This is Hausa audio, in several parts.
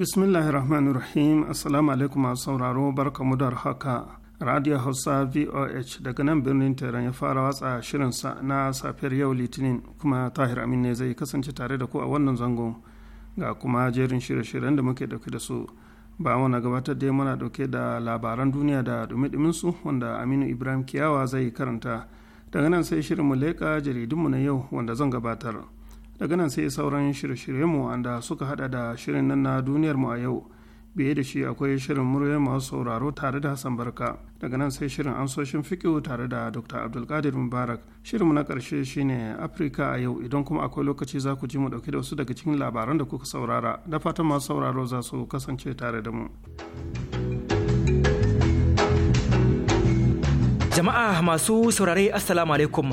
bismillahirrahmanirrahim rahim assalamu alaikum masu sauraro barkamu da haka radio hausa voh daga nan birnin tehran ya fara watsa shirinsa na safiyar yau litinin kuma tahir amin ne zai kasance tare da ku a wannan zangon ga kuma jerin shirye-shiryen da muke dauke da su ba mana gabatar da muna dauke da labaran duniya da dumi su wanda aminu ibrahim kiyawa zai karanta daga nan sai shirin mu leƙa jaridunmu na yau wanda zan gabatar daga nan sai sauran shirye-shiryenmu wanda suka hada da shirin nan na duniyar mu a yau biye da shi akwai shirin murya masu sauraro tare da hassan barka daga nan sai shirin amsoshin fikihu tare da dr abdulkadir mubarak shirin mu na karshe shine afirka a yau idan kuma akwai lokaci za ku ji mu dauke da wasu daga cikin labaran da kuka saurara da fatan masu sauraro za su kasance tare da mu jama'a masu saurare assalamu alaikum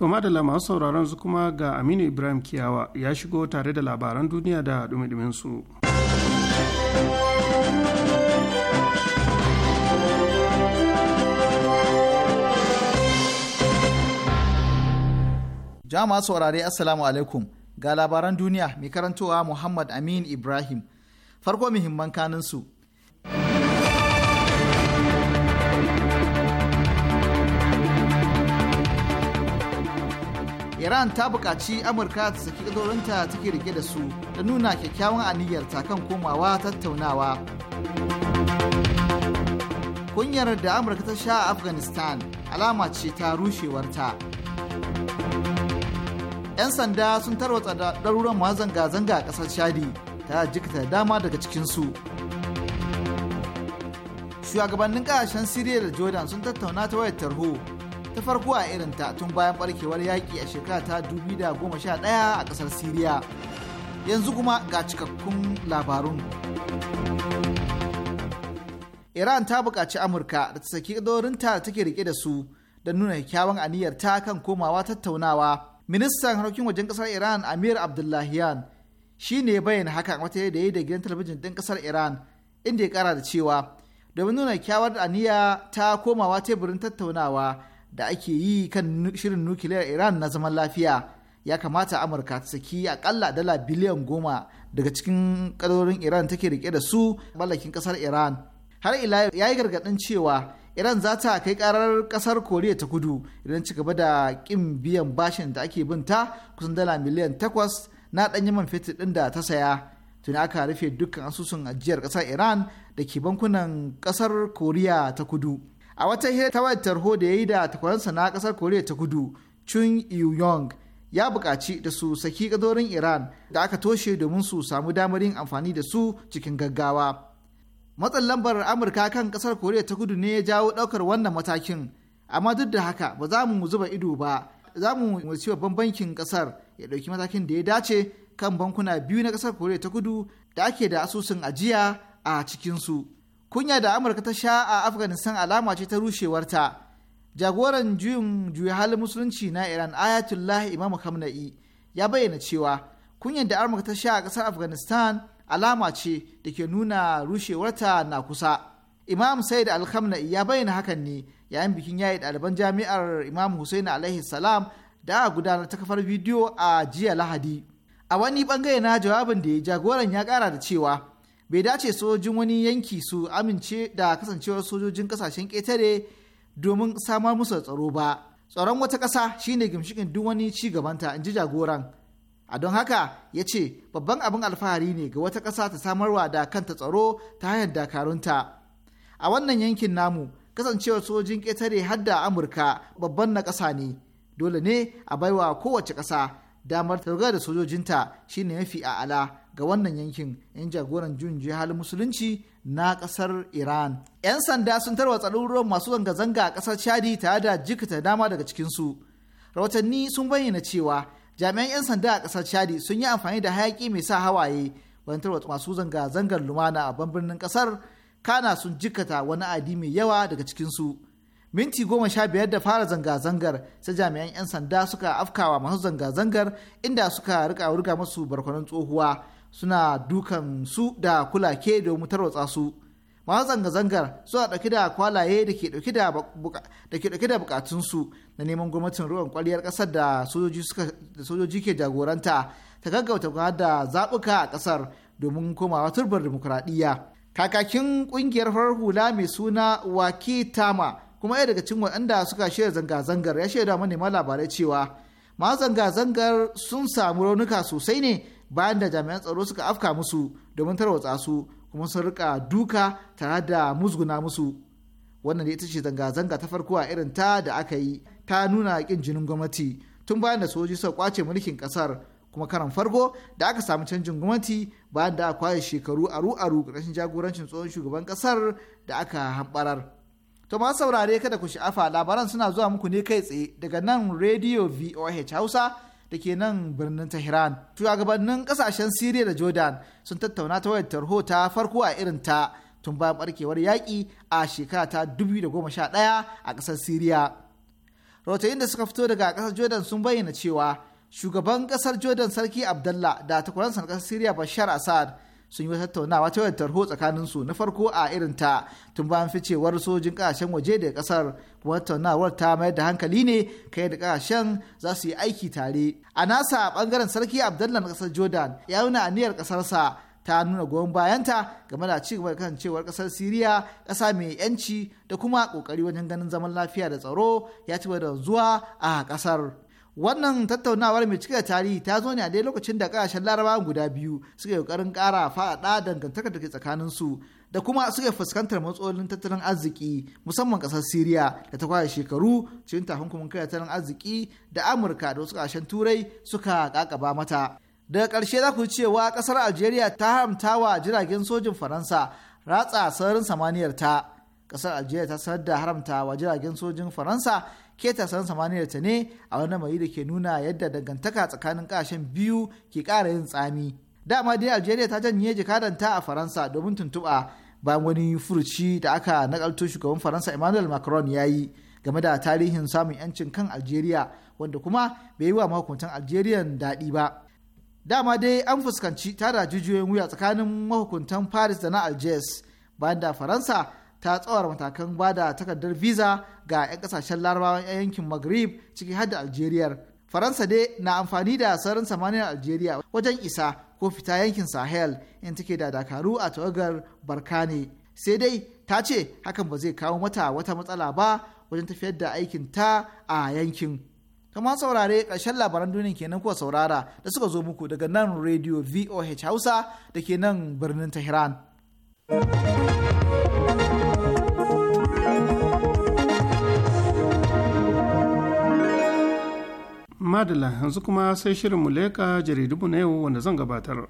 To da masu sauraron su kuma ga Aminu Ibrahim Kiyawa ya shigo tare da labaran duniya da dumi su. Jama'a saurare Assalamu alaikum ga labaran duniya mai karantowa Muhammad Amin Ibrahim. Farko muhimman kanin su. iran ta buƙaci amurka ta saki ƙadorinta take rike da su da nuna kyakkyawan aniyarta kan komawa tattaunawa kunyar da amurka ta sha a afghanistan alama ce ta rushewarta 'yan sanda sun tarwatsa ɗaruran mazanga zanga-zanga a ƙasar shadi ta jikta dama daga cikinsu shugabannin ƙasashen siriya da jordan sun tattauna ta wayar tarho ta farko a irin ta tun bayan barkewar yaƙi a shekara ta 2011 a ƙasar Siriya. Yanzu kuma ga cikakkun labarun. Iran ta buƙaci Amurka da ta saki ta da take rike da su da nuna kyakkyawan aniyar ta kan komawa tattaunawa. Ministan harkokin wajen ƙasar Iran Amir abdullahiyan shi ne bayyana haka wata da ya yi da gidan talabijin ɗin ƙasar Iran inda ya ƙara da cewa domin nuna kyawar aniya ta komawa teburin tattaunawa da ake yi kan shirin nukiliyar iran na zaman lafiya ya kamata amurka ta saki akalla dala biliyan goma daga cikin kadarorin iran take rike da su mallakin kasar iran har ila ya yi gargaɗin cewa iran za ta kai karar kasar koriya ta kudu idan ci gaba da ƙin biyan bashin da ake binta kusan dala miliyan takwas na ɗanyen man fetur ɗin da ta saya tuni aka rufe dukkan asusun ajiyar ƙasar iran da ke bankunan ƙasar koriya ta kudu a wata hira ta wayar tarho da ya yi da takwaransa na kasar koriya ta kudu chun yong ya buƙaci da su saki ƙadorin iran da aka toshe domin su samu damar yin amfani da su cikin gaggawa matsin lambar amurka kan kasar koriya ta kudu ne ya jawo ɗaukar wannan matakin amma duk da haka ba za mu zuba ido ba za mu umarci babban bankin kasar ya ɗauki matakin da ya dace kan bankuna biyu na kasar koriya ta kudu da ake da asusun ajiya a cikinsu. kunya da amurka ta sha a Afganistan alama ce ta rushewarta jagoran juyin juya halin musulunci na iran ayatollah imam kamna'i ya bayyana cewa kunyar da amurka ta sha a ƙasar afghanistan alama ce da ke nuna rushewarta na kusa imam said al ya bayyana hakan ne yayin bikin yayi ɗaliban jami'ar imam hussein alaihi salam da a gudanar ta kafar bidiyo a jiya lahadi a wani bangare na jawabin da ya jagoran ya kara da cewa bai dace sojojin wani yanki su amince da kasancewar sojojin kasashen ƙetare domin samar musu da tsaro ba tsaron wata ƙasa shine gimshikin duk wani ci gabanta in ji jagoran a don haka ya ce babban abin alfahari ne ga wata ƙasa ta samarwa da kanta tsaro ta hanyar dakarunta a wannan yankin namu kasancewar sojojin ƙetare har da amurka babban na ƙasa ne dole ne a baiwa kowace ƙasa damar ta da sojojinta shine mafi a'ala ga wannan yankin yan jagoran jun halin musulunci na kasar iran yan sanda sun tarwatsa tsaruruwan masu zanga-zanga a kasar chadi tare da jikita dama daga cikinsu rahotanni sun bayyana cewa jami'an yan sanda a kasar chadi sun yi amfani da hayaki mai sa hawaye wajen tarwatsa masu zanga-zangar lumana a birnin kasar kana sun jikata wani adi mai yawa daga cikinsu minti goma sha biyar da fara zanga-zangar sai jami'an 'yan sanda suka afkawa masu zanga-zangar inda suka rika wurga masu barkwanon tsohuwa suna dukan su da kulake domin tarwatsa su masu zanga-zangar suna dauki da kwalaye da ke dauki da bukatunsu na neman gwamnatin ruwan kwaliyar ƙasar da sojoji ke jagoranta ta gaggauta da zaɓuka a ƙasar domin komawa turbar demokuraɗiyya kakakin ƙungiyar farar hula mai suna waki tama kuma ɗaya daga cikin waɗanda suka shirya zanga-zangar ya shaida manema labarai cewa ma zanga-zangar sun samu raunuka sosai ne bayan da jami'an tsaro suka afka musu domin tarwatsa su kuma sun rika duka tare da musguna musu wannan da ita ce zanga-zanga ta farko a irin ta da aka yi ta nuna kin jinin gwamnati tun bayan da sojoji suka kwace mulkin kasar kuma karan farko da aka samu canjin gwamnati bayan da aka kwace shekaru aru-aru kashin jagorancin tsohon shugaban kasar da aka hambarar. To ma saurare kada ku sha'afa labaran suna zuwa muku ne kai tsaye daga nan Radio VOH Hausa da ke nan birnin Tehran. Shugabannin kasashen Siriya da Jordan sun tattauna ta wayar tarho ta farko a irin ta tun bayan barkewar yaƙi a shekara ta 2011 a ƙasar Siriya. Rahotannin da suka fito daga ƙasar Jordan sun bayyana cewa shugaban ƙasar Jordan Sarki Abdallah da takwaransa na ƙasar Siriya Bashar Assad sun yi tattaunawa ta wayar tarho tsakanin su na farko a irin ta tun bayan ficewar sojin kasashen waje da kasar kuma tattaunawar ta mayar da hankali ne kai da kasashen za su yi aiki tare a nasa bangaren sarki abdullah na kasar jordan ya nuna aniyar kasarsa ta nuna goyon bayanta game da ci gaba da kasancewar kasar siriya kasa mai yanci da kuma kokari wajen ganin zaman lafiya da tsaro ya ci da zuwa a kasar wannan tattaunawar mai cike da tarihi ta zo ne a dai lokacin da kasashen laraba guda biyu suka yi ƙoƙarin ƙara faɗa dangantakar da ke tsakanin su da kuma suka fuskantar matsalolin tattalin arziki musamman ƙasar siriya da ta kwaya shekaru cikin takunkumin kai tattalin arziki da amurka da wasu ƙasashen turai suka ƙaƙaba mata daga karshe za ku cewa kasar algeria ta haramta wa jiragen sojin faransa ratsa sararin samaniyar ta ƙasar algeria ta sanar da haramta wa jiragen sojin faransa keta san samaniyar ta ne a wani mai da ke nuna yadda dangantaka tsakanin kasashen biyu ke kara yin tsami dama dai algeria ta janye jakadanta a faransa domin tuntuɓa bayan wani furuci da aka nakalto shugaban faransa emmanuel macron ya yi game da tarihin samun yancin kan algeria wanda kuma bai yi wa mahukuntan algeria daɗi ba dama dai an fuskanci tara jijiyoyin wuya tsakanin mahukuntan paris da na algiers bayan da faransa ta tsawar matakan ba da takardar visa ga 'yan kasashen larabawan yankin maghrib ciki har da algeria faransa dai na amfani da sararin samaniyar algeria wajen isa ko fita yankin sahel in take da dakaru a tawagar barkane sai dai ta ce hakan ba zai kawo mata wata matsala ba wajen tafiyar da aikin ta a yankin kamar saurare ƙarshen labaran duniya kenan kuwa saurara da suka zo muku daga nan radio voh hausa da ke nan birnin tehran. madala yanzu kuma sai shirin muleka jaridunmu na yau wanda zan gabatar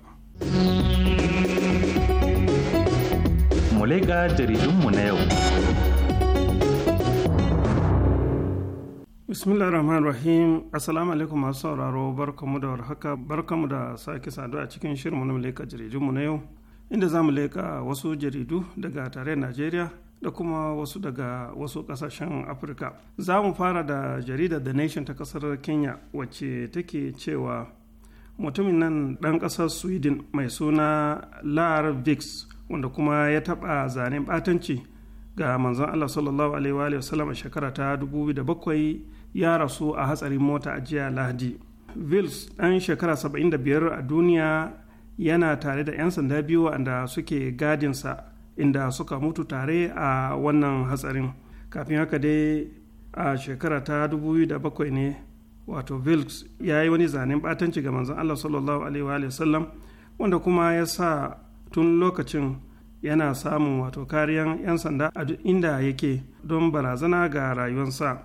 muleka jaridunmu na yau bismillah rahman rahim assalamu alaikum masu sauraro barkamu da warhaka barkamu da sake saduwa a cikin shirin na muleka jaridunmu na yau inda za mu leka wasu jaridu daga tarayyar najeriya da kuma wasu daga wasu kasashen afirka za mu fara da jaridar the nation ta kasar kenya wacce take cewa mutumin nan ɗan ƙasar sweden mai suna lar vix wanda kuma ya taɓa zanen ɓatanci ga manzon allah sallallahu alaihi sallam a shekara ta 2007 ya rasu a hatsarin mota a jiya lahadi vils ɗan shekara 75 a duniya yana tare da 'yan sanda biyu wanda suke gadinsa inda suka mutu tare a wannan hatsarin kafin haka dai a shekara ta 2007 ne wato vilks ya yi wani zanen batanci ga manzon allah sallallahu alaihi wa sallam wanda kuma ya sa tun lokacin yana samun wato kariyan 'yan sanda a duk inda yake don barazana ga rayuwarsa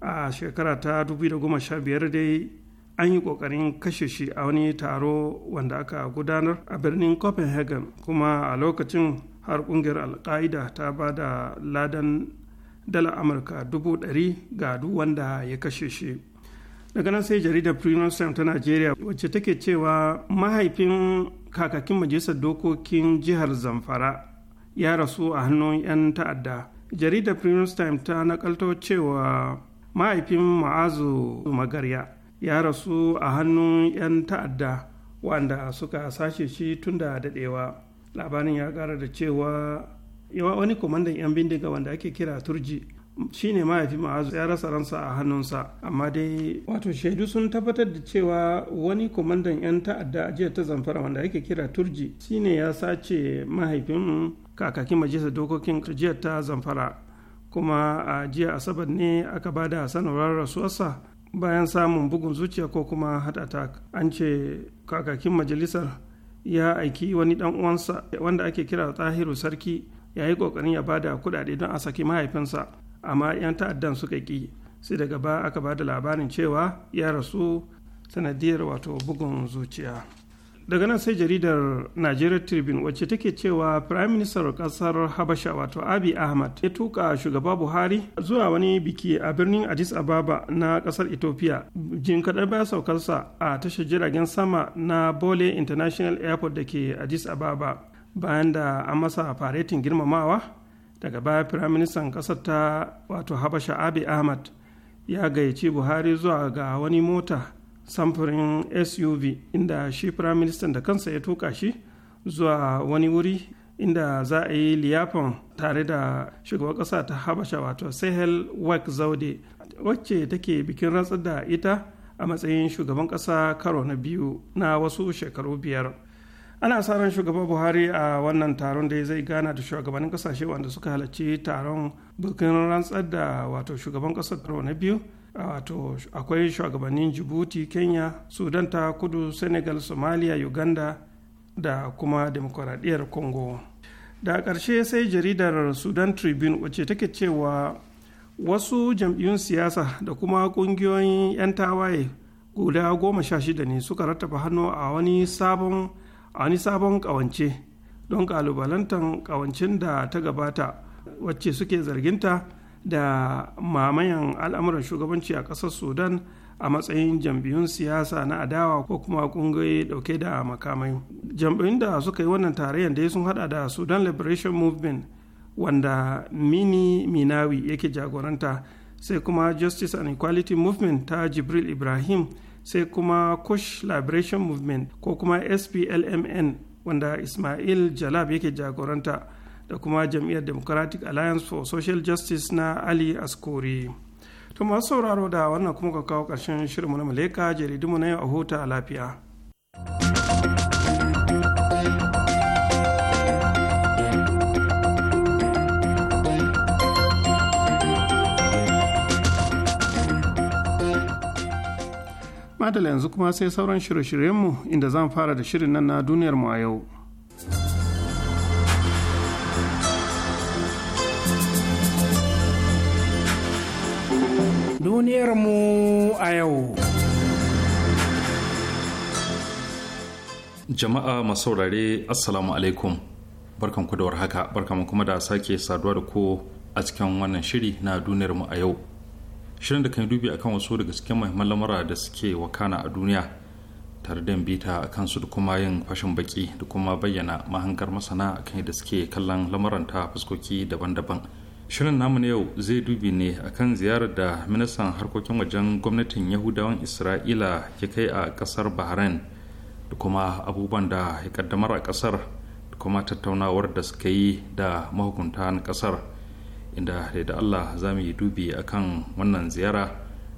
a shekara ta 2015 dai an yi kokarin kashe shi a wani taro wanda aka gudanar a birnin copenhagen kuma a lokacin har kungiyar alka'ida ta ba da ladan dala amurka dubu ɗari ga duk wanda ya kashe shi daga nan sai jaridar premium time ta najeriya wacce take cewa mahaifin kakakin majalisar dokokin jihar zamfara ya rasu a hannun 'yan ta'adda jaridar premium time ta nakalto cewa mahaifin ma'azu magarya ya rasu a hannun 'yan ta'adda wanda suka sashe shi tun da daɗewa labarin ya kara da cewa yawa wani kwamandan 'yan bindiga wanda ake kira turji shi shine mahaifi ma'azu ya rasa ransa a hannunsa amma dai wato shaidu sun tabbatar da cewa wani kwamandan 'yan ta'adda a jiya ta zamfara wanda ake kira turji shi ne ya sace mahaifin kakakin majalisar dokokin jiyar ta zamfara kuma a jiya asabar ne aka ba da sanarwar rasuwarsa bayan samun bugun zuciya ko kuma haɗa attack an ce kakakin majalisar ya aiki wani dan uwansa wanda ake kira tahiru sarki ya yi kokarin ya bada kuɗaɗe don a saki mahaifinsa amma 'yan ta'addan suka ƙi sai daga ba aka ba da labarin cewa ya rasu sanadiyar wato bugun zuciya. daga nan sai jaridar nigeria tribune wacce take cewa prime minister kasar habasha wato abi ahmad ya tuka shugaba buhari zuwa wani biki a birnin addis ababa na kasar ethiopia jin kadar bayan saukarsa a tashar jiragen sama na bole international airport da ke addis ababa bayan da an masa faretin girmamawa daga baya prime minister kasar ta wato habasha abi ahmad ya gayyaci buhari zuwa ga wani mota samfurin suv inda shi firaministan da kansa ya tuka shi zuwa wani wuri inda za a yi liyafan tare da shugaban ƙasa ta habasha wato sahel wak zaude wacce take bikin rantsar da ita a matsayin shugaban ƙasa karo na biyu na wasu shekaru biyar ana sa ran shugaba buhari a wannan taron da zai gana da shugabannin kasashe wanda suka halarci taron bikin rantsar da wato shugaban ƙasar karo na biyu wato ah, akwai shugabannin jibuti kenya sudan ta kudu senegal somalia uganda da kuma demokuraɗiyar congo da ƙarshe sai jaridar sudan tribune wacce take cewa wasu jam'iyyun siyasa da kuma ƙungiyoyin 'yan tawaye guda goma sha shida ne suka rattafa hannu a wani sabon a sabon ƙawance don ƙalubalantar ƙawancin da ta gabata wacce suke zarginta da mamayan al'amuran shugabanci a ƙasar sudan a matsayin jam'iyyun siyasa na adawa ko kuma kungiyoyi dauke da makamai jam'iyyun da suka yi wannan tarayyar da sun hada da sudan liberation movement wanda mini minawi yake jagoranta sai kuma justice and equality movement ta jibril ibrahim sai kuma kush liberation movement ko kuma splmn wanda ismail jalab yake jagoranta da kuma jam'iyyar democratic alliance for social justice na ali askori to masu sauraro da wannan kuma ka kawo ƙarshen shirinmu na maleka jaridunmu na yau a hota a lafiya madala yanzu kuma sai sauran shirye-shiryenmu inda zan fara da shirin nan na duniyarmu a yau Duniyarmu a yau. Jama'a masaurare Assalamu alaikum. ku da warhaka, barkanku kuma da sake saduwa da ku a cikin wannan shiri na duniyarmu a yau. Shirin da kan dubi akan wasu daga cikin muhimman lamura da suke wakana a duniya tare da bita a kansu da kuma yin fashin baki da kuma bayyana mahangar masana akan yadda suke kallon lamuran fuskoki daban-daban. shirin namu na yau zai dubi ne akan ziyarar da ministan harkokin wajen gwamnatin yahudawan isra'ila ya kai a kasar bahrain da kuma abubuwan da ya kaddamar a kasar da kuma tattaunawar da suka yi da mahukunta na kasar inda da allah za mu yi dubi akan wannan ziyara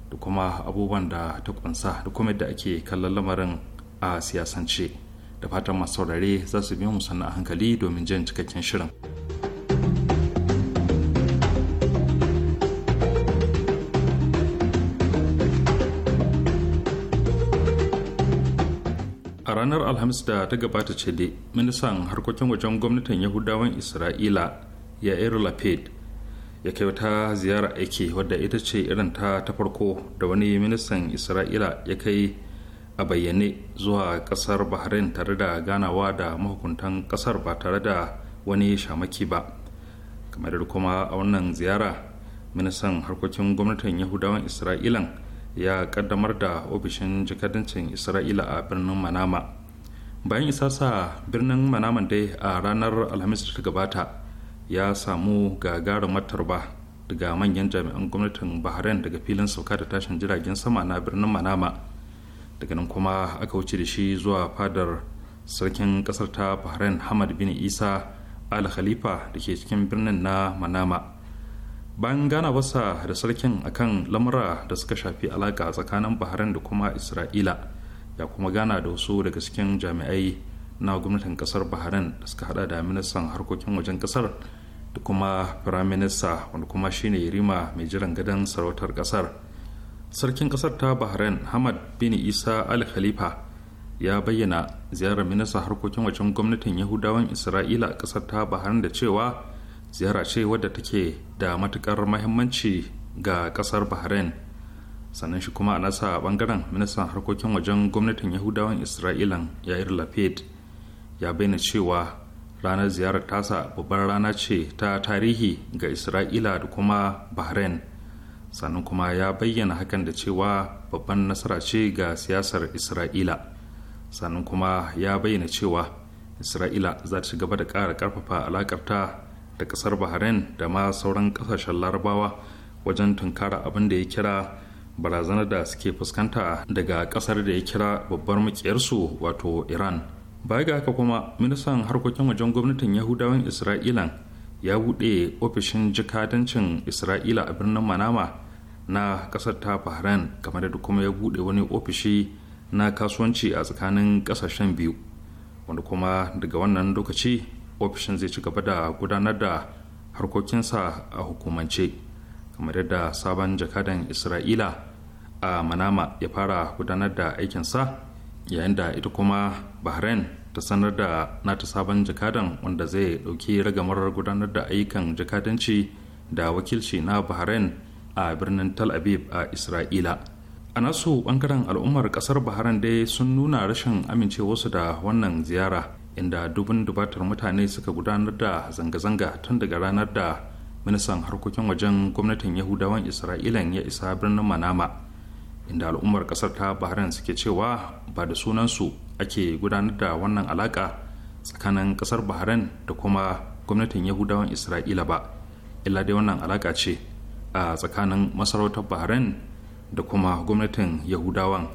da kuma abubuwan da ta kunsa da kuma yadda ake kallon lamarin a siyasance da fatan masu saurare za su biyo mu sannan a hankali domin jan cikakken shirin. ranar alhamis da ta gabata ce dai ministan harkokin wajen gwamnatin yahudawan isra'ila yair lapid ya kai wata ziyara aiki wadda ita ce irin ta ta farko da wani ministan isra'ila ya kai a bayyane zuwa kasar bahrain tare da ganawa da mahukuntan kasar ba tare da wani shamaki ba kamar kuma a wannan ziyara ministan harkokin gwamnatin yahudawan isra'ilan ya kaddamar da ofishin jikadancin isra'ila a birnin manama bayan isa sa birnin manaman dai a ranar alhamis da ta gabata ya samu gagarumar matarba daga manyan jami'an gwamnatin bahrain daga filin sauka da tashin jiragen sama na birnin manama daga nan kuma aka wuce da shi zuwa fadar sarkin kasar ta bahrain hamad bin isa al khalifa da ke cikin birnin na manama bayan gana wasa da sarkin akan lamura da suka shafi alaka tsakanin bahrain da kuma isra'ila ya kuma gana da wasu daga cikin jami'ai na gwamnatin kasar bahrain da suka hada da ministan harkokin wajen kasar da kuma firaminista wanda kuma shine rima mai jiran gadon sarautar kasar sarkin kasar ta bahrain hamad bin isa al khalifa ya bayyana ziyarar ministan harkokin wajen gwamnatin yahudawan isra'ila a kasar ta bahrain da cewa ziyara ce wadda take da matukar mahimmanci ga kasar bahrain sannan shi kuma a nasa a bangaren ministan harkokin wajen gwamnatin yahudawan isra'ilan yair lapid ya bayyana cewa ranar ziyarar tasa babbar rana ce ta tarihi ga isra'ila da kuma bahrain sannan kuma ya bayyana hakan da cewa babban nasara ce ga siyasar isra'ila sannan kuma ya bayyana cewa isra'ila za ta gaba da ƙara ƙarfafa alakarta da ƙasar bahrain da ma sauran ƙasashen larabawa wajen tunkara abin da ya kira barazanar da suke fuskanta daga kasar da ya kira babbar makiyarsu wato iran baya ga haka kuma ministan harkokin wajen gwamnatin yahudawan isra'ilan ya buɗe ofishin jikadancin isra'ila a birnin manama na kasar ta bahrain kamar da kuma ya buɗe wani ofishi na kasuwanci a tsakanin kasashen biyu wanda kuma daga wannan lokaci ofishin zai ci gaba da gudanar da harkokinsa a hukumance. kamar yadda sabon jakadan isra'ila a manama ya fara gudanar da aikinsa yayin da ita kuma bahrain ta sanar da nata sabon jakadan wanda zai ɗauki ragamar gudanar da ayyukan jakadanci da wakilci na bahrain a birnin tal aviv a isra'ila a nasu bangaren al'ummar kasar bahrain dai sun nuna rashin amincewarsu da wannan ziyara inda dubin dubatar mutane suka gudanar da zanga-zanga tun daga ranar da ministan harkokin wajen gwamnatin yahudawan isra'ila ya isa birnin manama inda al'ummar kasar ta bahrain suke cewa ba da sunansu ake gudanar da wannan alaka tsakanin kasar bahrain da kuma gwamnatin yahudawan isra'ila ba illa dai wannan alaka ce a tsakanin masarautar bahrain da kuma gwamnatin yahudawan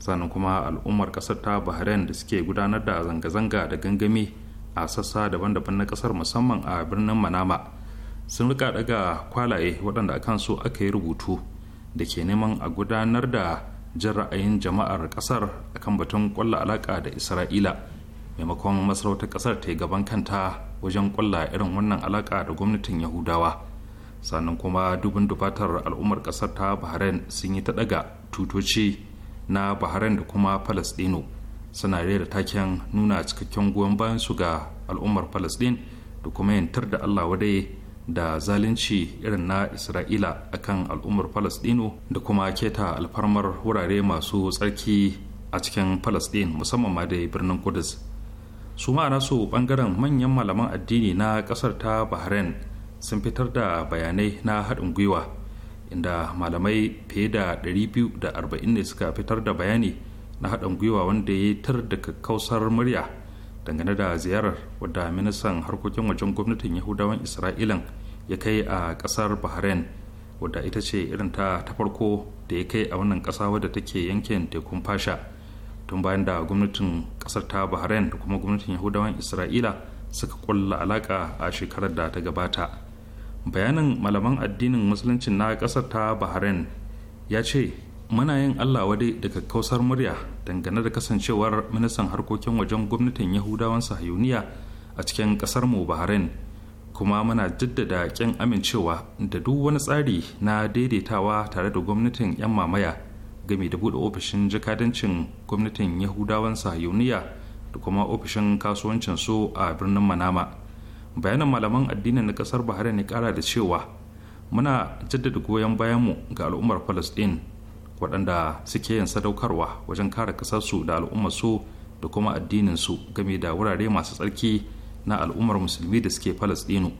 sannan kuma al'ummar kasar ta bahrain da suke gudanar da zanga-zanga da gangami a sassa daban-daban na kasar musamman a birnin manama sun rika daga kwalaye waɗanda a kansu aka yi rubutu da ke neman a gudanar da jin ra'ayin jama'ar ƙasar kan batun ƙwallo alaƙa da isra'ila maimakon masarautar ƙasar ta gaban kanta wajen ƙwalla irin wannan alaƙa da gwamnatin yahudawa sannan kuma dubin dubatar al'ummar ƙasar ta bahrain sun yi ta daga tutoci na bahrain da kuma palestino suna rera taken nuna cikakken goyon bayan su ga al'ummar palestine da kuma yantar da allah wadai da zalunci irin na isra'ila akan al'ummar falasdino da kuma keta alfarmar wurare masu tsarki a cikin Falasɗin, musamman ma da birnin kudus su ma'ana su bangaren manyan malaman addini na kasar ta bahrain sun fitar da bayanai na haɗin gwiwa inda malamai fiye da 240 ne suka fitar da bayani na haɗin gwiwa wanda ya yi tar da kakkausar murya dangane da ziyarar wadda ministan harkokin wajen gwamnatin yahudawan isra'ilan ya kai a kasar bahrain wadda ita ce irin ta ta farko da ya kai a wannan kasa wadda take yankin tekun fasha tun bayan da gwamnatin kasar ta bahrain da kuma gwamnatin yahudawan isra'ila suka kulla alaka a shekarar da ta gabata bayanin malaman addinin musulunci na kasar ta bahrain ya ce muna yin allah wadai daga kausar murya dangane da kasancewar ministan harkokin wajen gwamnatin yahudawan sahayuniya a cikin kasar mu bahrain kuma muna jaddada kyan amincewa da duk wani tsari na daidaitawa tare da gwamnatin 'yan mamaya game da buɗe ofishin jakadancin gwamnatin yahudawan sahayuniya da kuma ofishin kasuwancin su a birnin manama bayanan malaman addinin na kasar bahrain ya kara da cewa muna jaddada goyon bayanmu ga al'ummar palestine waɗanda suke yin sadaukarwa wajen kare kasarsu da al'ummarsu da kuma addininsu game da wurare masu tsarki na al'ummar musulmi da suke falastinu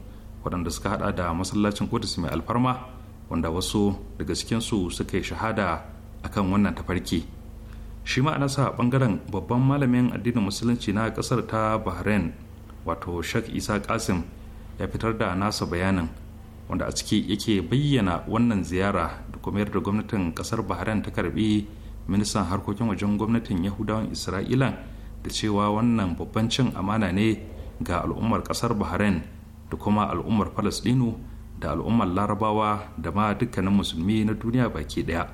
waɗanda suka hada da masallacin kudus mai alfarma wanda wasu daga cikinsu suka yi shahada a kan wannan tafarki shi ma'anarsa ɓangaren babban malamin addinin musulunci na ƙasar ta bahrain wato sheikh isa kasim ya fitar da nasa bayanin wanda a ciki yake bayyana wannan ziyara kuma da gwamnatin kasar bahrain ta karbi ministan harkokin wajen gwamnatin yahudawan isra'ilan da cewa wannan babban cin amana ne ga al'ummar kasar bahrain da kuma al'ummar falasdinu da al'ummar larabawa da ma dukkanin musulmi na duniya baki daya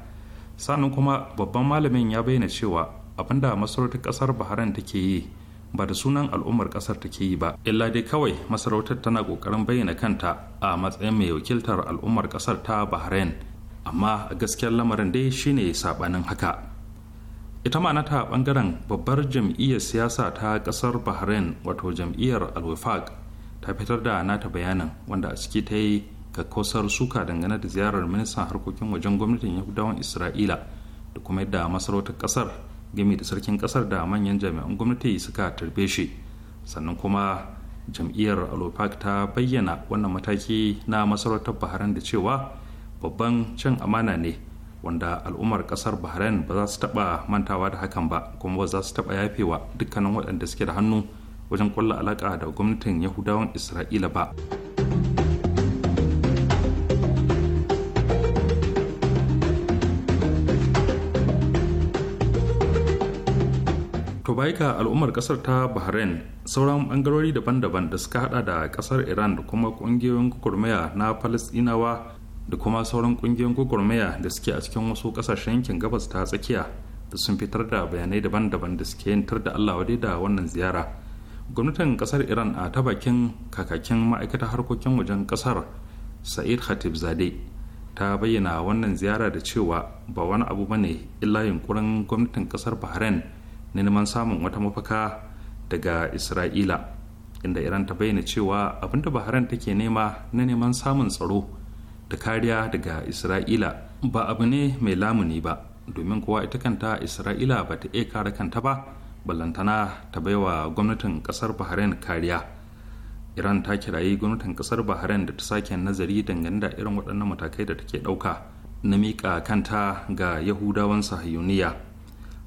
sannan kuma babban malamin ya bayyana cewa abinda masarautar kasar bahrain take yi ba da sunan al'ummar kasar take yi ba illa dai kawai masarautar tana kokarin bayyana kanta a matsayin mai wakiltar al'ummar kasar ta bahrain amma gaskiyar lamarin dai shine sabanin haka ita ma ta bangaren babbar jam'iyyar siyasa ta kasar bahrain wato jam'iyyar alwifaq ta fitar da nata bayanin wanda a ciki ta yi kakkausar suka dangane da ziyarar ministan harkokin wajen gwamnatin yahudawan isra'ila da kuma yadda masarautar kasar gami da sarkin kasar da manyan jami'an gwamnati suka tarbe shi sannan kuma jam'iyyar alwifaq ta bayyana wannan mataki na masarautar bahrain da cewa babban cin amana ne wanda al'ummar kasar bahrain ba za su taba mantawa da hakan ba kuma ba za su taba yafewa dukkanin waɗanda suke da hannu wajen kwallo alaka da gwamnatin yahudawan isra'ila ba to ka al'ummar kasar ta bahrain sauran bangarori daban-daban da suka hada da kasar iran da kuma kungiyoyin kukurmaya na palestinawa da kuma sauran kungiyoyin gwagwarmaya da suke a cikin wasu kasashen yankin gabas ta tsakiya da sun fitar da bayanai daban-daban da suke yantar da allah wadai da wannan ziyara gwamnatin kasar iran a ta bakin kakakin ma'aikatar harkokin wajen kasar sa'id khatib zade ta bayyana wannan ziyara da cewa ba wani abu bane illa yunkurin gwamnatin kasar bahrain na neman samun wata mafaka daga isra'ila inda iran ta bayyana cewa abinda bahrain take nema na neman samun tsaro da kariya daga isra'ila ba abu ne mai lamuni ba domin kowa ita kanta isra'ila ba ta iya kare kanta ba ballantana ta baiwa gwamnatin kasar bahrain kariya iran ta kirayi gwamnatin kasar bahrain da ta sake nazari dangane da irin waɗannan matakai da take ɗauka na miƙa kanta ga yahudawan sahiyuniya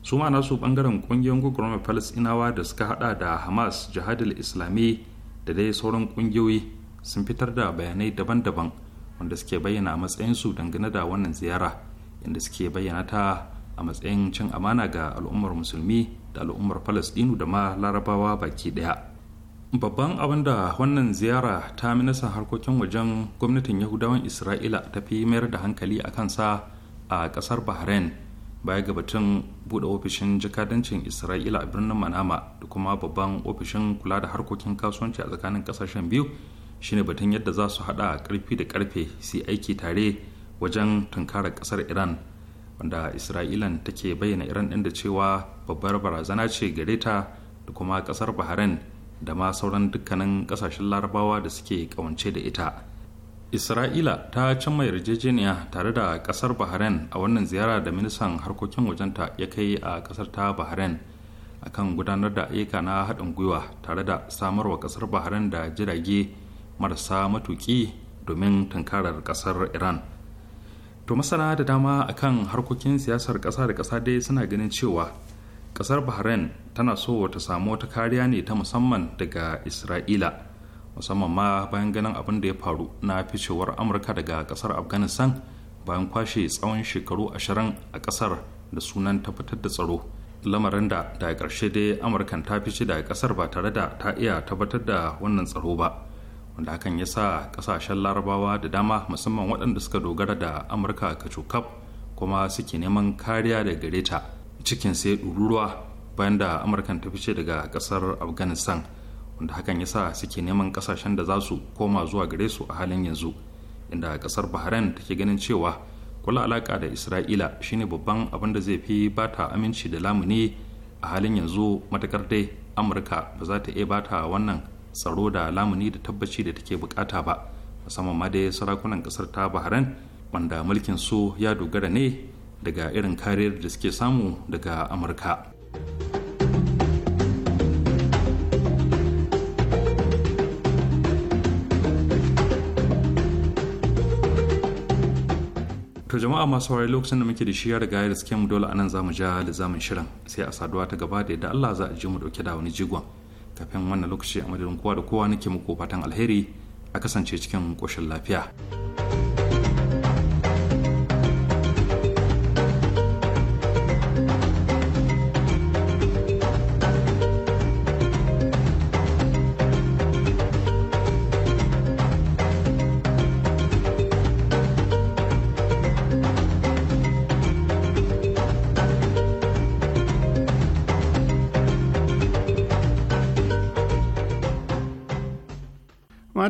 su ma nasu ɓangaren ƙungiyoyin gwagwarmar palestinawa da suka haɗa da hamas jihadil islami da dai sauran ƙungiyoyi sun fitar da bayanai daban-daban wanda suke bayyana a matsayinsu dangane da wannan ziyara inda suke bayyana ta a matsayin cin amana ga al'ummar musulmi da al'ummar falastinu da ma larabawa baki daya babban abin da wannan ziyara ta ministan harkokin wajen gwamnatin yahudawan isra'ila ta fi mayar da hankali a kansa a kasar bahrain baya ga batun buɗe ofishin jikadancin isra'ila a birnin manama da kuma babban ofishin kula da harkokin kasuwanci a tsakanin ƙasashen biyu shine batun yadda za su hada karfi da karfe su aiki tare wajen tunkarar kasar iran wanda isra'ilan take bayyana iran din da cewa babbar barazana ce gare ta da kuma kasar bahrain da ma sauran dukkanin kasashen larabawa da suke kawance da ita isra'ila ta cimma yarjejeniya tare da kasar bahrain a wannan ziyara da ministan harkokin wajenta ya kai a kasar ta bahrain akan gudanar da ayyuka na haɗin gwiwa tare da samarwa kasar bahrain da jirage marasa matuki domin tankarar kasar iran to masana da dama akan harkokin siyasar kasa da kasa dai suna ganin cewa kasar bahrain tana so ta samu wata kariya ne ta musamman daga isra'ila musamman ma bayan ganin abin da ya faru na ficewar amurka daga kasar afghanistan bayan kwashe tsawon shekaru ashirin a kasar da sunan tabbatar da tsaro lamarin da daga ƙarshe dai amurkan ta fice daga kasar ba tare da ta iya tabbatar da wannan tsaro ba wanda hakan ya sa kasashen larabawa da dama musamman waɗanda suka dogara da amurka kacokaf kuma suke neman kariya da gare ta cikin sai ɗururuwa bayan da amurkan ta fice daga ƙasar afghanistan wanda hakan ya sa suke neman ƙasashen da za su koma zuwa gare su a halin yanzu inda ƙasar bahrain take ganin cewa kula alaƙa da isra'ila shine babban abin da zai fi bata aminci da lamuni a halin yanzu matakar dai amurka ba za ta iya bata wannan tsaro da lamuni da tabbaci da take bukata ba musamman ma dai sarakunan kasar ta bahrain wanda mulkin su ya dogara ne daga irin kariyar da suke samu daga amurka to jama'a masu wari lokacin da muke da shi ya riga ya riske mu dole anan zamu ja da zamun shirin sai a saduwa ta gaba da yadda Allah za a ji mu dauke da wani jigon kafin wannan lokaci a madadin kowa da kowa nake muku fatan alheri a kasance cikin ƙoshin lafiya.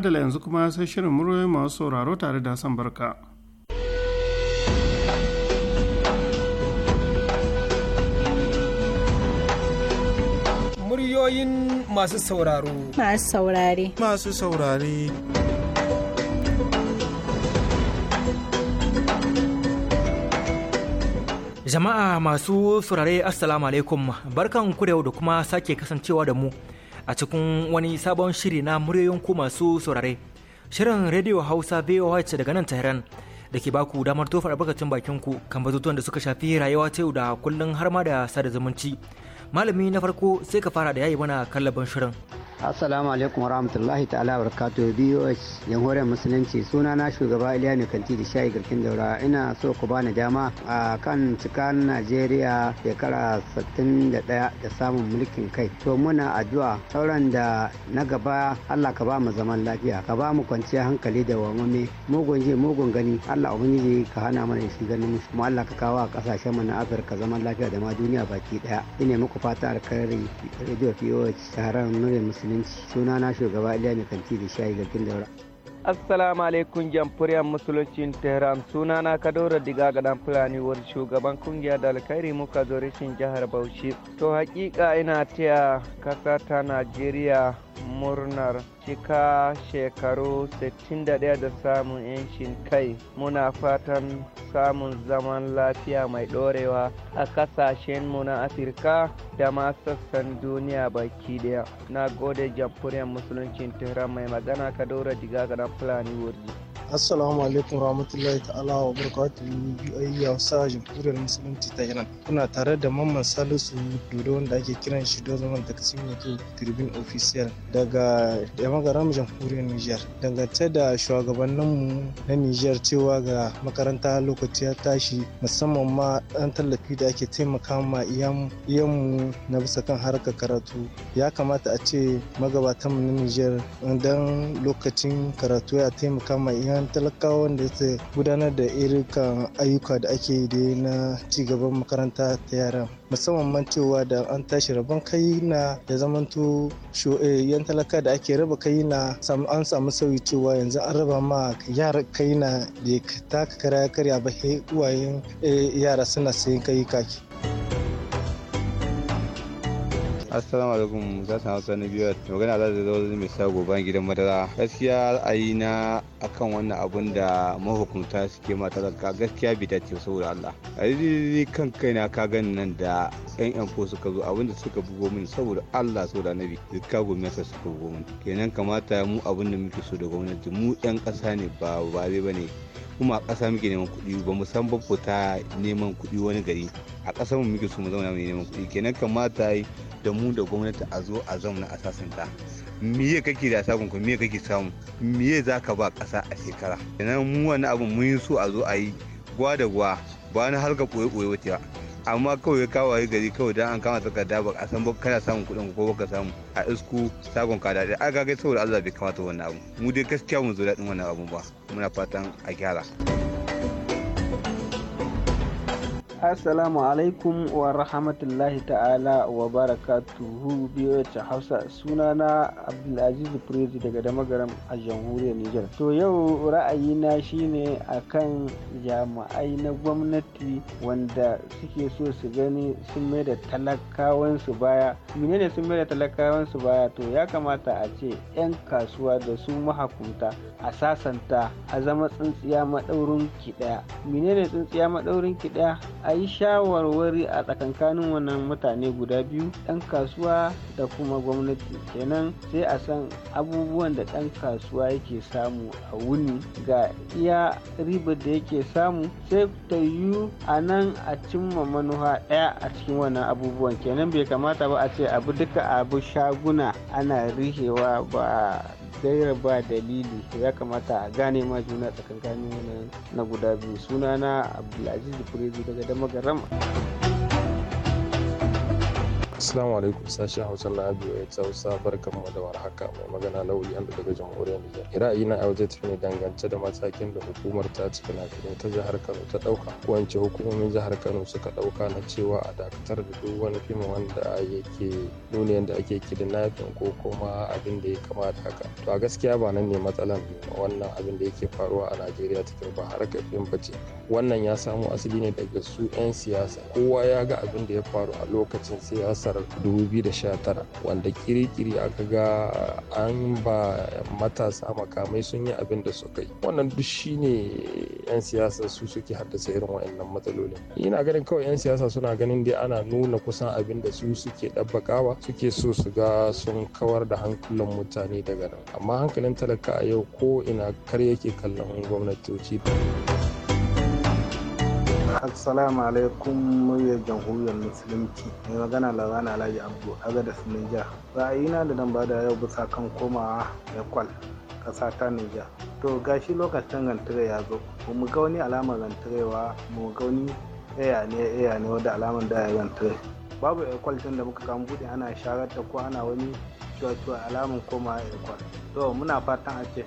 madala yanzu kuma sai shirin muryoyin masu sauraro tare da san Barka. Muryoyin masu sauraro. Masu saurare. Masu saurare. Jama'a masu saurare Assalamu alaikum barkan ku da yau da kuma sake kasancewa da mu. a cikin wani sabon shiri na muryoyin ku masu saurare. Shirin Radio Hausa VOH daga nan Tehran da ke baku damar tofa albarkacin bakin ku kan batutuwan da suka shafi rayuwa ta yau da kullun har ma da sada zumunci. Malami na farko sai ka fara da yayi mana kallabin shirin. assalamu alaikum wa rahmatullahi ta'ala barakatu bos jamhuriyar musulunci suna na shugaba iliya mai kanti da shayi garkin daura ina so ku bani dama a kan cika najeriya shekara 61 da samun mulkin kai to muna addu'a sauran da na gaba allah ka ba mu zaman lafiya ka ba mu kwanciyar hankali da wamame mugun ji mugun gani allah ubangiji ka hana mana shi ganin mu allah ka kawo a kasashen mu na afirka zaman lafiya da ma duniya baki daya ina muku fata alkhairi radio pos taron nure musulunci musulunci na shugaba iliya mai kanti da shayi kin daura assalamu alaikum jamhuriyar musuluncin tehran suna sunana kadora diga gadan fulani wani shugaban kungiyar da alkhairi muka zo rashin jihar bauchi to hakika ina taya kasa ta najeriya murnar cika shekaru 61 da samun 'yancin kai muna fatan samun zaman lafiya mai ɗorewa a mu na afirka da ma sassan duniya baki daya na gode jamhuriyar musuluncin tehran mai magana kadora diga ga fulani wurji assalamu alaikum rahmatullahi ta'ala wa a bi'ayi ya wasa jamhuriyar musulunci ta iran kuna tare da mamman salisu dodo wanda ake kiran shi da zaman taksim yake tribune official daga yamagaram jamhuriyar niger dangance da mu na niger cewa ga makaranta lokaci ya tashi musamman ma dan tallafi da ake taimaka ma mu na bisa kan harkar karatu ya kamata a ce mu na niger dan lokacin karatu ya taimaka ma iyan bayan talakawan da su gudanar da irukan ayyuka da ake yi dai na cigaban makaranta ta yara musamman man cewa da an tashi rabon kai na ya zamanto eh, yan talaka da ake raba kai na an samu sauyi cewa yanzu an raba ma yara kai na da taka kara karya ba uwayen eh, yara suna sayan kai kaki assalamu alaikum su hausa na biyar magana za ta zaune mai sa goban gidan madara gaskiya ra'ayi na akan wannan abun da mahukunta suke matalaka gaskiya bi ta dace saboda allah a yi kan kaina ka gani nan da yan ko suka zo abinda suka bugo min saboda allah saboda nabi zika gwamnati suka bugo min kenan kamata mu abin da muke so da gwamnati mu yan ƙasa ne ba ba ne kuma a ƙasa muke neman kuɗi ba mu san ba fita neman kuɗi wani gari a ƙasa mu muke so mu zauna mu neman kuɗi kenan kamata da mu mu da gwamnati a zo a zauna a sasanta miye kake da sabon ku miye kake samu miye za ka ba ƙasa a shekara idan mu wani abu mun yi so a zo a yi gwa da gwa ba na koyo ɓoye ɓoye wata amma kawai ka waye gari kawai dan an kama da ba a san ba kana samun kuɗin ko baka samu a isku sabon ka daɗi a gagai saboda Allah bai kamata wannan abu mu dai gaskiya mun zo daɗin wannan abu ba muna fatan a gyara. Assalamu alaikum wa rahmatullahi ta'ala wa barakatuhu biyo ta Hausa sunana Abdulaziz Prezi daga Damagaram a jamhuriyar Nijar. To yau ra'ayina shine akan jami'ai na gwamnati wanda suke so su gani sun mai da talakawansu baya. Menene sun mai da talakawansu baya to ya kamata a ce 'yan kasuwa da su mahakunta a sasanta a zama tsintsiya maɗaurin ki ɗaya. Menene tsintsiya maɗaurin ki ɗaya? a yi shawarwari a tsakankanin wannan mutane guda biyu ɗan kasuwa da kuma gwamnati kenan sai a san abubuwan da ɗan kasuwa yake samu a wuni ga iya ribar da yake samu sai ta yi a nan a cimma manuha ɗaya a cikin wannan abubuwan kenan bai kamata ba a ce abu duka abu shaguna ana rihewa ba gaira ba dalili ya kamata a gane ma juna tsakankanin na guda biyu sunana abdulaziz furezi daga rama Assalamu alaikum sashen Hausa na Abiyo ya tsau barkan mu da warhaka mai magana na wuri da daga jamhuriyar Nijar. Ra'ayi na Auje ne dangance da matakin da hukumar ta ci na finai ta jihar Kano ta ɗauka. Wance hukumomin jihar Kano suka ɗauka na cewa a dakatar da duk wani fim wanda yake nuna yadda ake kidnapping ko kuma abin da ya kamata haka. To a gaskiya ba nan ne matsalan wannan abin da yake faruwa a Najeriya take ba harkar fim bace Wannan ya samo asali ne daga su 'yan siyasa. Kowa ya ga abin da ya faru a lokacin siyasa kasar 2019 wanda kirikiri aka ga an ba matasa makamai sun yi abin da suka yi wannan duk shine 'yan siyasa su suke haddasa irin wa'annan matsalolin ina ganin kawai 'yan siyasa suna ganin dai ana nuna kusan abin da su suke ɗabbakawa suke so su ga sun kawar da hankulan mutane daga nan amma hankalin talaka a yau ko ina kar yake kallon gwamnatoci assalamu alaikum muryar jamhuriyar musulunci mai magana laurana alhaji abdu aga da sinija ra'ayina da dan bada yau bisa kan komawa nepal ƙasa ta nija to gashi lokacin rantare ya zo ba mu ga wani alamar rantarewa ba mu ga wani eya ne eya ne wanda alamar da ya rantare babu ekwal tun da muka kama buɗe ana sharar ta ko ana wani cewa cuwa alamar komawa ekwal to muna fatan a ce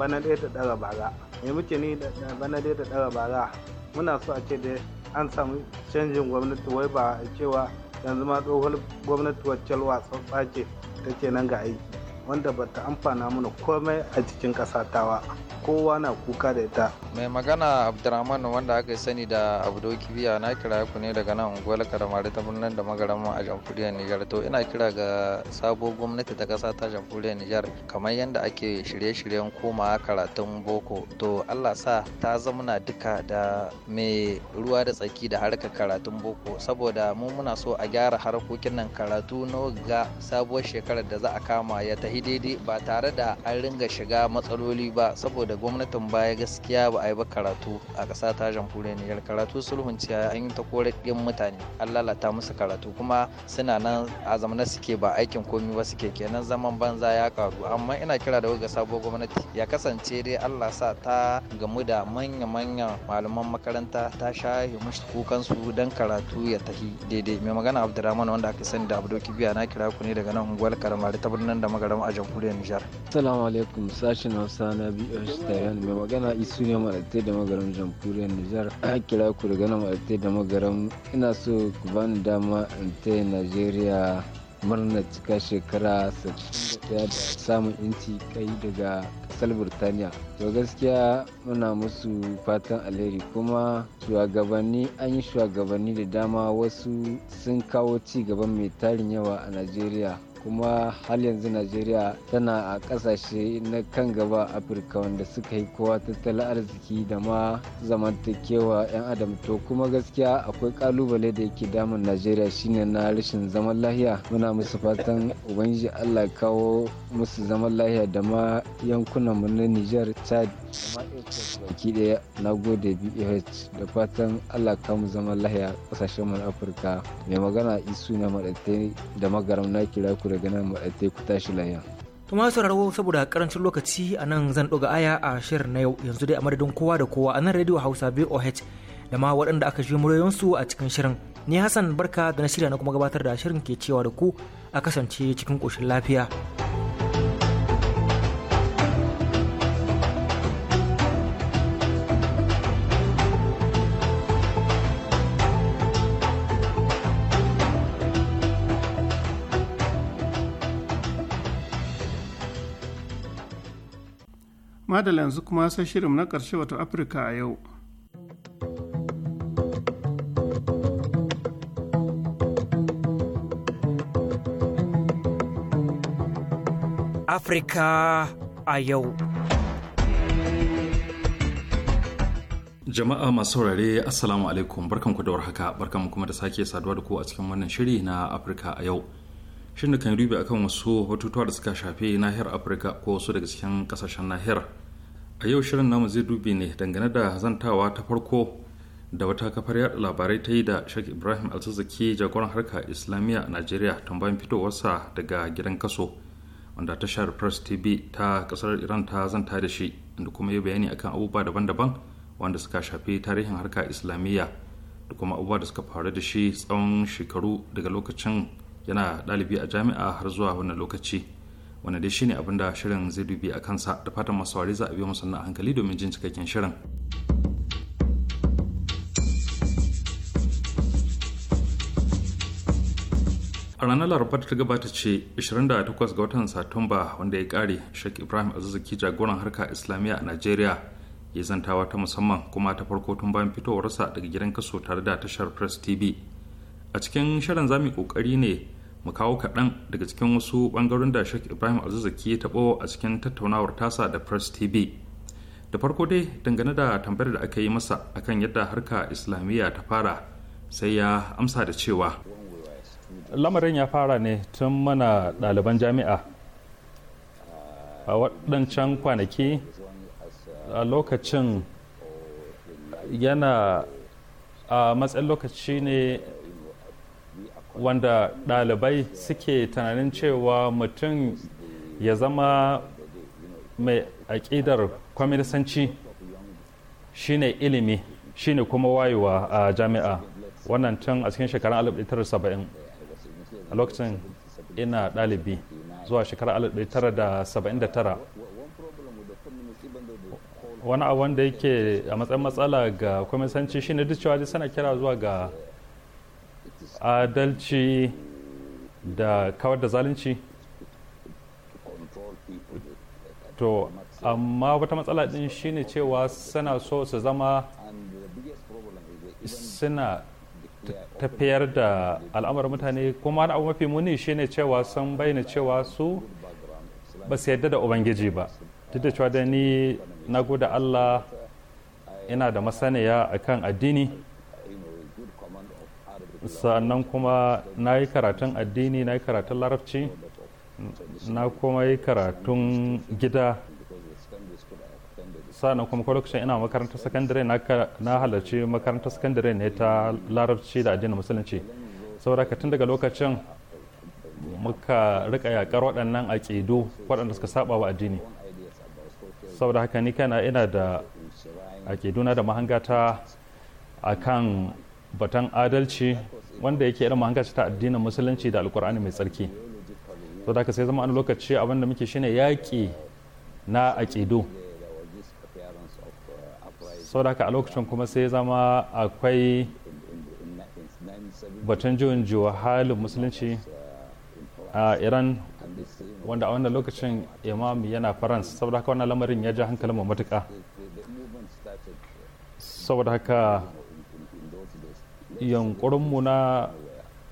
bana dai ta ɗara bara me muke ni bana dai ta ɗara bara muna so a ce da an samu canjin gwamnati wai ba cewa yanzu ma tsohon gwamnati wacce wasan ce take nan ga aiki wanda ba ta amfana mana komai a cikin kasatawa tawa kowa na kuka da ita mai magana abdurrahman wanda aka sani da abdo kibiya na kira ku ne daga nan unguwar karamare ta birnin da magarama a jamhuriyar nijar to ina kira ga sabo gwamnati ta kasa ta jamhuriyar nijar kamar yadda ake shirye-shiryen koma karatun boko to allah sa ta zamana duka da mai ruwa da tsaki da harka karatun boko saboda mu muna so a gyara harkokin nan karatu na ga sabuwar shekarar da za a kama ya tahi daidai ba tare da an ringa shiga matsaloli ba saboda gwamnatin baya gaskiya ba a yi ba karatu a ƙasa ta jamhuriyar karatu sulhun ciya an yi ta koraɗin mutane an lalata musu karatu kuma suna nan a zamanar suke ba aikin komi ba suke kenan zaman banza ya karu amma ina kira da ga sabuwar gwamnati ya kasance dai Allah sa ta gamu da manya-manyan malaman makaranta ta shahi musu su don karatu ya tafi daidai mai magana Abdurrahman wanda aka sani da Abdul Kibiya na kira ku ne daga nan unguwar Karamari ta birnin da magaram magaram a jamhuriyar Nijar. Salamu alaikum sashen Hausa na BH Tayan mai magana isu ne malatai da magaran jamhuriyar Nijar. A kira ku da gana da magaran ina so ku bani dama in taya Najeriya murnar cika shekara 61 da samun inci kai daga kasar burtaniya to gaskiya muna musu fatan alheri kuma shugabanni an yi shugabanni da dama wasu sun kawo ci gaban mai tarin yawa a najeriya kuma har yanzu najeriya tana a kasashe na kan gaba afirka wanda suka yi kowa tattalin arziki da ma zamantakewa 'yan adam to kuma gaskiya akwai kalubale da yake damun najeriya shine na rashin zaman lahiya muna musu fatan ubangiji allah kawo musu zaman lahiya da ma yankunan mu na niger chad amma baki daya na gode beh da fatan allah kamu zaman lahiya kasashen mu na afirka mai magana isu na maɗatai da magaram na kira ku daga nan maɗatai ku tashi lahiya to ma sauraro saboda karancin lokaci a nan zan ɗoga aya a shirin na yau yanzu dai a madadin kowa da kowa a nan radio hausa boh da ma waɗanda aka shi muryoyinsu a cikin shirin ni hassan barka da na shirya na kuma gabatar da shirin ke cewa da ku a kasance cikin ƙoshin lafiya. da yanzu kuma sai shirin na ƙarshe wato afirka a yau afirka a yau jama'a masu saurare assalamu alaikum barkanku da warhaka barkanku kuma da sake saduwa da ku a cikin wannan shiri na afirka a yau shirin da kan rubi akan wasu batutuwa da suka shafi nahiyar afirka ko wasu daga cikin kasashen nahiyar a yau shirin namu zai dubi ne dangane da zantawa ta farko da wata kafar yada labarai ta yi da shek ibrahim alzazzaki jagoran harka islamiyya a najeriya tambayin fitowarsa daga gidan kaso wanda tashar press tv ta kasar iran ta zanta da shi da kuma yi bayani akan abubuwa daban-daban wanda suka shafi tarihin harka islamiyya da kuma abubuwa da suka faru da shi tsawon shekaru daga lokacin yana ɗalibi a jami'a har zuwa wannan lokaci wanda dai shine abin da shirin zai dubi a kansa da fatan masu wari za a biyo musu a hankali domin jin cikakken shirin a ranar laraba ta gabata ce 28 ga watan satumba wanda ya kare sheikh ibrahim azuzuki jagoran harka islamiyya a nigeria ya zantawa ta musamman kuma ta farko tun bayan fitowarsa daga gidan kaso tare da tashar press tv a cikin shirin zami kokari ne mu kawo kaɗan daga cikin wasu ɓangaren da Sheikh Ibrahim azuzaki ya taɓo a cikin tattaunawar tasa da Press TV. Da farko dai dangane da tambayar da aka yi masa akan yadda harka Islamiyya ta fara sai ya amsa da cewa. Lamarin ya fara ne tun mana ɗaliban jami'a. A waɗancan kwanaki a lokacin yana a matsayin lokaci ne wanda ɗalibai suke tunanin cewa mutum ya zama mai aƙidar kwaminisanci shine ilimi shine kuma wayewa a jami'a wannan tun a cikin shekarun 1970 a lokacin ina ɗalibi zuwa shekarar 1979 wani abu wanda yake a matsayin matsala ga shi ne duk cewa sana kira zuwa ga adalci da kawar da zalunci to amma wata matsala din shine cewa suna so su zama suna tafiyar da al'amar mutane kuma abu mafi muni shine cewa sun bayyana cewa su ba su yadda da ubangiji ba duk da cewa da ni na gode allah ina da masaniya akan addini sannan kuma na yi karatun addini na yi karatun larabci na kuma yi karatun gida sannan kuma kwa lokacin ina makarantar sakandare na halarci makarantar sakandare ne ta larabci da addinin musulunci saboda ka tun daga lokacin muka rika yakar waɗannan aƙidu waɗanda suka saba wa addini saboda haka ni kana ina da aƙiduna da mahangata akan batan adalci wanda yake irin mahangaci ta addinin musulunci da alkur'ani mai tsarki to da sai zama an lokaci abin da muke shine yaƙi na aƙidu sau da a lokacin kuma sai zama akwai batun juyin juwa halin musulunci a iran wanda a wannan lokacin imam yana faransa saboda haka wannan lamarin ya ja hankalin mu matuka saboda haka yankurinmu na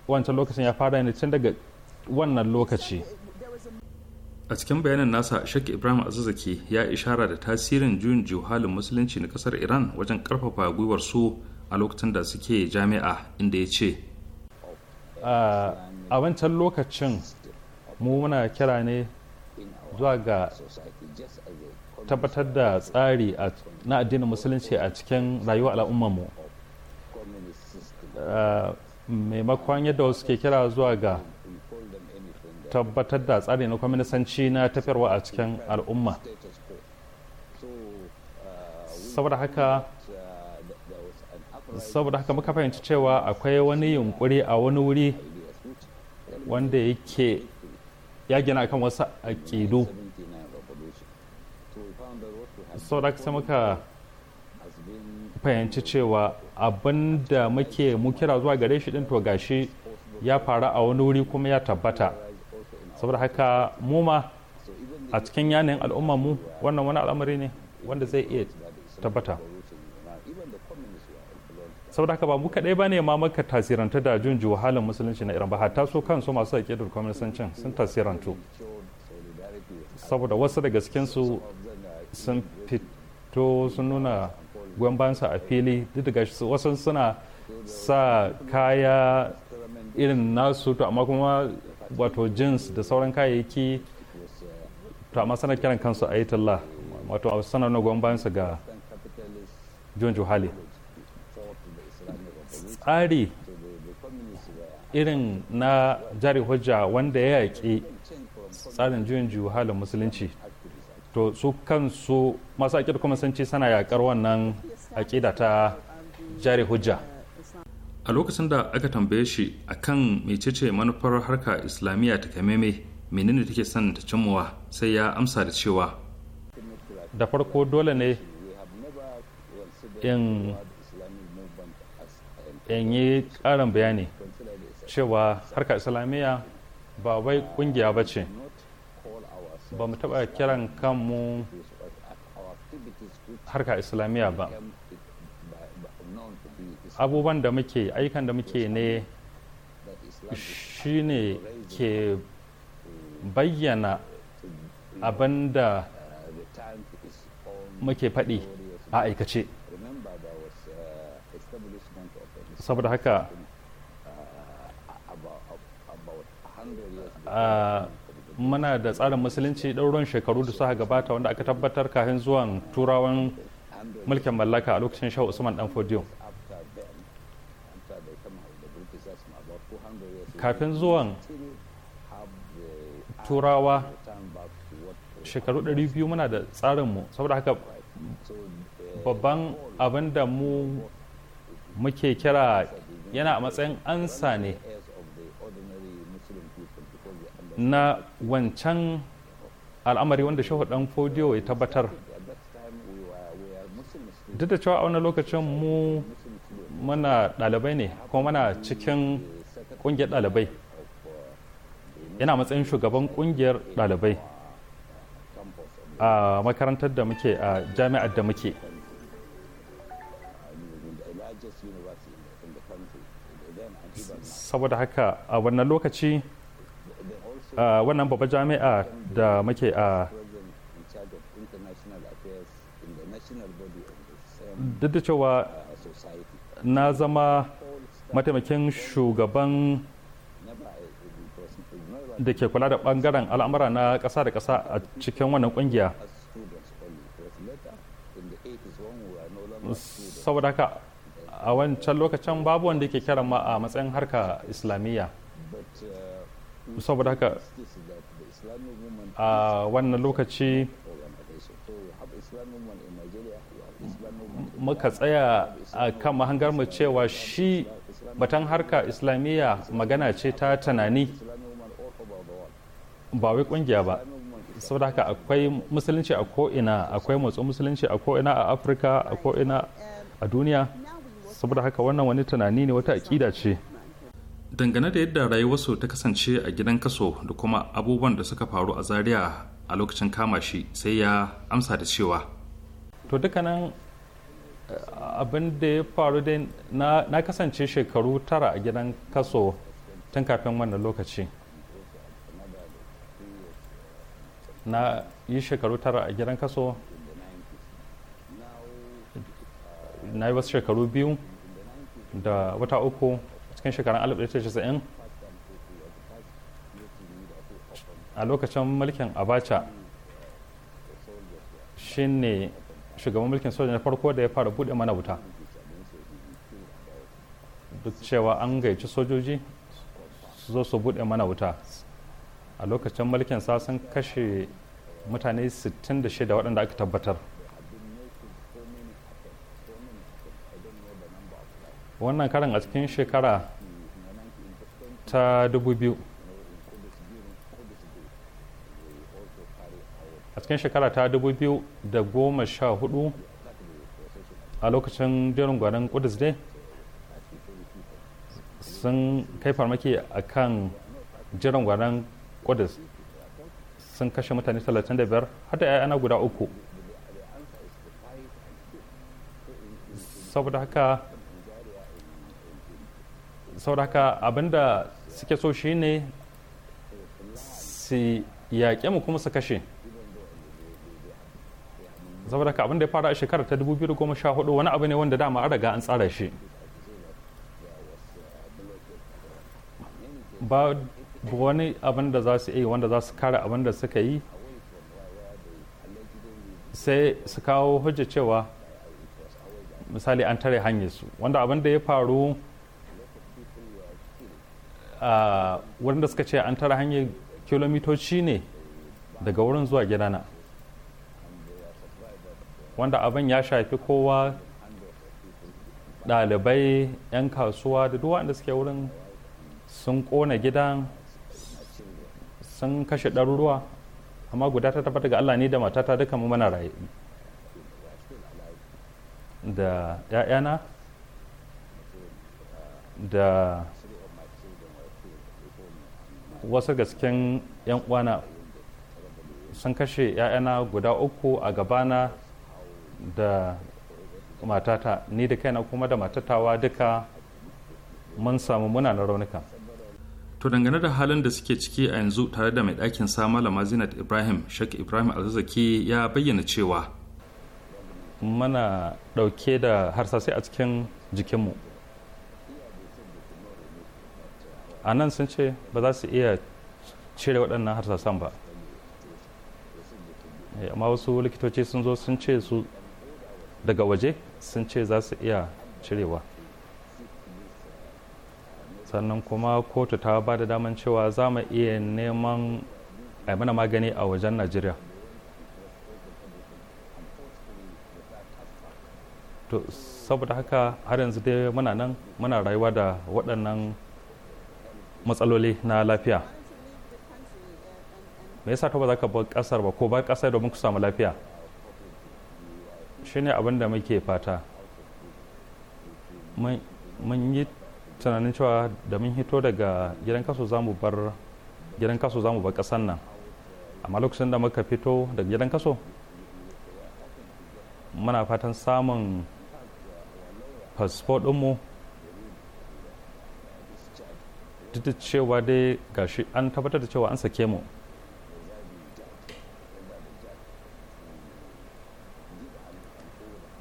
wancan lokacin ya fara ne tun daga wannan lokaci a cikin bayanin nasa shek ibrahim azizaki ya ishara da tasirin juyin juhalin musulunci na kasar iran wajen karfafa gwiwar su a lokacin da suke jami'a inda ya ce a wancan lokacin mu muna kira ne zuwa ga tabbatar da tsari na addinin musulunci a cikin rayuwar al'ummarmu Eh, maimakon yadda wasu ke kira zuwa ga tabbatar da tsari na kwaminisanci na tafiyarwa a cikin al'umma saboda haka saboda haka muka fahimci cewa akwai wani yunkuri a wani wuri wanda yake ya gina kan wasu aƙidu saboda haka sai muka fahimci cewa abin da muke mu kira zuwa gare shi din to gashi ya faru a wani wuri kuma ya tabbata saboda haka mu ma a cikin yanayin al'umma mu wannan wani al'amari ne wanda zai iya tabbata saboda haka ba mu kaɗai ba ne ma maka tasiranta da jin halin musulunci na iran ba hatta su kansu masu da kwamnisancin sun tasirantu saboda wasu daga cikinsu sun fito sun nuna gwambansa a fili duk da wasu suna sa kaya irin nasu to amma kuma wato jeans da sauran kayayyaki to amma sana kiran kansu a talla wato sanar na gwambansa ga john johali tsari irin na jari hujja wanda ya yaƙi tsarin juyin juhalin musulunci to su kansu masu sun ce sana yaƙar wannan aƙida ta jari hujja a lokacin da aka tambaye shi a kan mecece manufar harka islamiyya ta kameme menene take son ta cimmawa sai ya amsa da cewa da farko dole ne in yi ƙarin bayani cewa harka islamiyya ba wai kungiya ba ce ba mu taɓa kiran kanmu harka islamiyya ba abubuwan da muke aikan da muke ne shine ke bayyana abin da muke faɗi a aikace saboda haka ah, muna da tsarin musulunci ɗauron shekaru da suka gabata wanda aka tabbatar kafin zuwan turawan mulkin mallaka a lokacin shehu usman dan fodiyo kafin zuwan turawa shekaru 200 muna da tsarinmu saboda haka babban abin da mu muke kira yana a matsayin ansa ne na wancan al'amari wanda shehu dan fodiyo ya tabbatar duk da cewa a wani lokacin mu muna ɗalibai ne kuma na cikin ƙungiyar ɗalibai yana matsayin shugaban ƙungiyar ɗalibai a makarantar da muke a jami'ar da muke saboda haka a wannan lokaci wannan babba jami'a da muke a duk da cewa na zama mataimakin shugaban da ke kula da bangaren al'amura na ƙasa da ƙasa a cikin wannan kungiya saboda haka a wancan lokacin babu wanda ke kiran ma a matsayin harka islamiyya saboda haka a wannan lokaci muka tsaya a kan mahangar mu cewa shi batan harka islamiyya magana ce ta tunani ba wai kungiya ba saboda haka akwai musulunci a ko'ina akwai motsin musulunci a ko'ina a afirka a ko'ina a duniya saboda haka wannan wani tunani ne wata aƙida ce dangane da yadda rayuwarsu ta kasance a gidan kaso da kuma abubuwan da suka faru a zaria a lokacin kama shi sai ya amsa da cewa to dukkanin eh, abin da ya faru dai na kasance shekaru tara a gidan kaso tun kafin wannan lokaci na yi shekaru tara a gidan kaso na yi wasu shekaru biyu da wata uku cikin shekarun 1990 a lokacin mulkin abacha shine shugaban mulkin soja na farko da ya fara bude mana wuta duk cewa an gaici sojoji su zo su bude mana wuta a lokacin mulkin sa sun kashe mutane 66 waɗanda aka tabbatar wannan karin a cikin shekara ta 2000 a cikin shekara ta 2014 a lokacin jirin gwanin kudus dai sun kai farmaki a kan jirin gwanin kudus sun kashe mutane 35 hada yana guda uku saboda haka sauraka abinda suke so shi ne su yaƙe mu kuma su kashe saboda ka abin da ya fara a shekarar ta 2014 wani abu ne wanda dama an riga an tsara shi ba wani abin da za su yi wanda za su kare abin da suka yi sai su kawo hujja cewa misali an tare hanyar su wanda abin da ya faru A da suka ce an tara hanyar kilomitoci ne daga wurin zuwa gidana wanda abin ya shafi kowa ɗalibai 'yan kasuwa da duk wanda suke wurin sun ƙona gidan sun kashe ɗaruruwa amma guda ta tabbata daga Allah ne da matata duka mu mana raye da ‘ya'yana da wasu gasken 'yan uwana sun kashe 'ya'yana guda uku a gabana da matata ni da kaina kuma da matatawa duka mun samu munanan raunuka to dangane da halin da suke ciki a yanzu tare da mai ɗakin sa malama zinat ibrahim shek ibrahim alzazaki ya bayyana cewa mana ɗauke da harsasai a cikin jikinmu a nan sun ce ba za su iya cire waɗannan harsasan ba eh, amma wasu likitoci sun zo sun ce su daga waje sun ce za su iya cirewa sannan kuma kotu ta ba da daman cewa za mu iya neman a mana magani a wajen najeriya to saboda haka har yanzu dai muna nan muna rayuwa da waɗannan matsaloli na lafiya me yasa ka ba za ka bar kasar ba ko ba kasar domin ku samu lafiya shine abin da muke fata mun yi tunanin cewa da mun hito daga gidan kaso za mu bar gidan kaso za mu bar kasar nan amma lokacin da muka fito daga gidan kaso muna fatan samun fasfo ɗinmu duk da cewa dai gashi an tabbatar da cewa an sake mu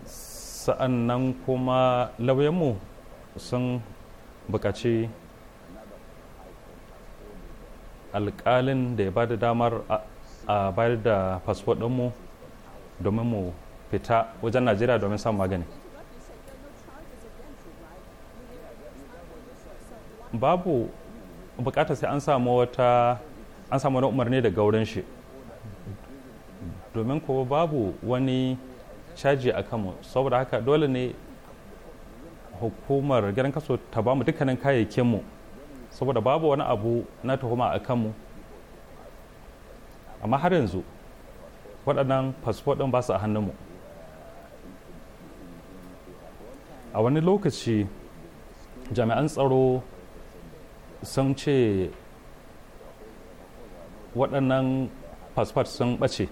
sa'an nan kuma lauyanmu sun bukaci alkalin da ya ba da damar a bayar da fasfo ɗinmu domin mu fita wajen najeriya domin samun magani babu bukatar sai an samu wata an samu wani umarni daga wurin shi domin kuwa babu wani caji a kanmu saboda haka dole ne hukumar gidan kaso ta bamu dukkanin kayayyakinmu saboda babu wani abu na tuhuma a kanmu amma har yanzu waɗannan fasfo ɗin ba su a hannunmu a wani lokaci jami'an tsaro sun ce waɗannan fasfat sun ɓace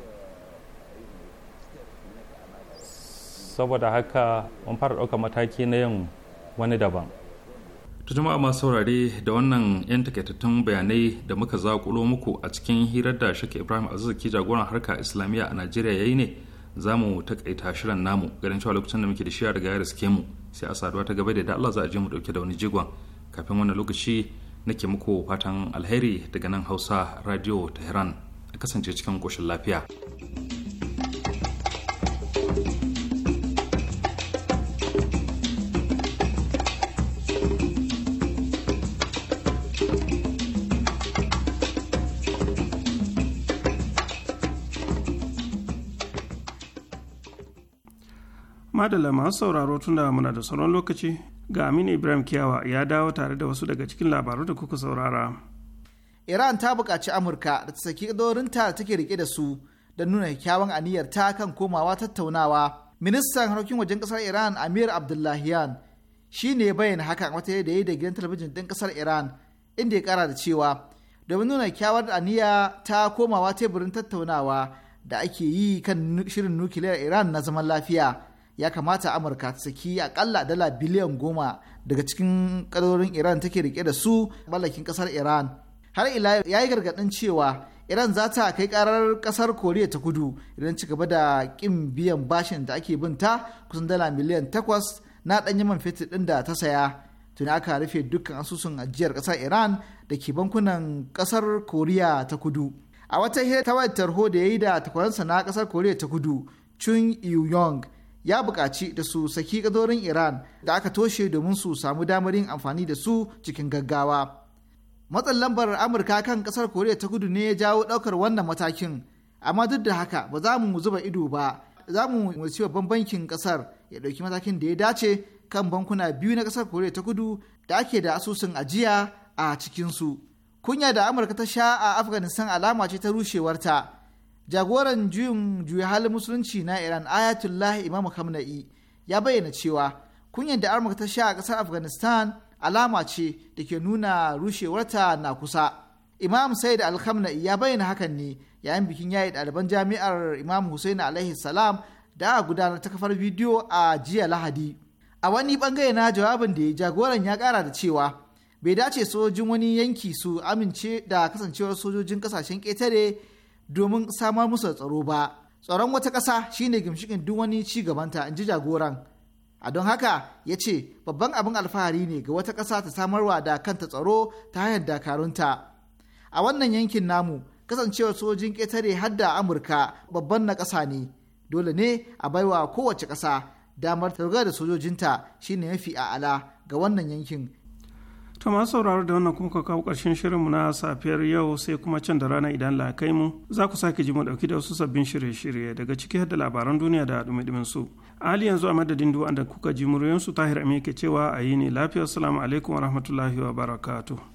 saboda haka mun fara ɗauka mataki na yin wani daban ta jama'a masu saurare da wannan 'yan takaitattun bayanai da muka zaƙulo muku a cikin hirar da shaka ibrahim azizuki jagoran harka islamiyya a najeriya ya yi ne za mu takaita shirin namu ganin cewa lokacin da muke da shiya daga ya riske mu sai a saduwa ta gaba da da allah za a je mu dauke da wani jigon kafin wannan lokaci nake muku fatan alheri daga nan hausa radio tehran a kasance cikin koshin lafiya madalla masu sauraro tunda muna da sauran lokaci ga Aminu Ibrahim Kiyawa ya dawo tare da wasu daga cikin labaru da kuka saurara. Iran ta buƙaci Amurka da ta saki dorinta da take rike da su don nuna kyakkyawan aniyar ta kan komawa tattaunawa. Ministan harkokin wajen ƙasar Iran Amir Abdullahian shi ne bayyana haka wata da ya da gidan talabijin ɗin ƙasar Iran inda ya ƙara da cewa domin nuna kyawar aniya ta komawa teburin tattaunawa da ake yi kan shirin nukiliyar Iran na zaman lafiya. ya kamata amurka ta saki akalla dala biliyan goma daga cikin kadarorin iran take rike da su mallakin kasar iran har ila ya yi gargadin cewa iran za ta kai karar kasar koriya ta kudu idan ci gaba da kin biyan bashin da ake binta kusan dala miliyan takwas na ɗanyen man fetur ɗin da ta saya tuni aka rufe dukkan asusun ajiyar kasar iran da ke bankunan ƙasar koriya ta kudu a wata hira ta wayar tarho da ya yi da takwaransa na ƙasar koriya ta kudu chun yu yong ya buƙaci da su saki ƙadorin Iran da aka toshe domin su samu damar yin amfani da su cikin gaggawa. Matsin lambar Amurka kan ƙasar Koriya ta kudu ne ya jawo ɗaukar wannan matakin, amma duk da haka ba za mu zuba ido ba, za mu ci babban bankin ƙasar ya ɗauki matakin da ya dace kan bankuna biyu na ƙasar Koriya ta kudu da ake da asusun ajiya a cikinsu. Kunya da Amurka ta sha a Afghanistan alama ce ta rushewarta. jagoran juyin juya halin musulunci na iran ayatullah imam kamna'i ya bayyana cewa kunyar da amurka ta sha a kasar afghanistan alama ce da ke nuna rushewarta na kusa imam said alkamna'i ya bayyana hakan ne yayin bikin yayi ɗaliban jami'ar imam hussein alaihi salam da a gudanar ta kafar bidiyo a jiya lahadi a wani bangare na jawabin da jagoran ya kara da cewa bai dace sojojin wani yanki su amince da kasancewar sojojin kasashen ketare. domin samar musu da tsaro ba tsaron wata ƙasa shine gimshikin duk wani ci gabanta in ji jagoran a don haka ya ce babban abin alfahari ne ga wata ƙasa ta samarwa da kanta tsaro ta hanyar dakarunta a wannan yankin namu kasancewar sojin ƙetare har da amurka babban na ƙasa ne dole ne a baiwa kowace ƙasa damar targa da sojojinta shine mafi a'ala ga wannan yankin To masu sauraro da wannan kuma ka kawo ƙarshen shirinmu na safiyar yau sai kuma can da rana idan la mu za ku sake ji mu dauki da wasu sabbin shirye-shirye daga ciki har da labaran duniya da dumi su. Ali yanzu a madadin duwa da kuka ji muryoyin su Tahir Amin ke cewa a yi ne lafiya Salamu alaikum wa rahmatullahi wa barakatuh.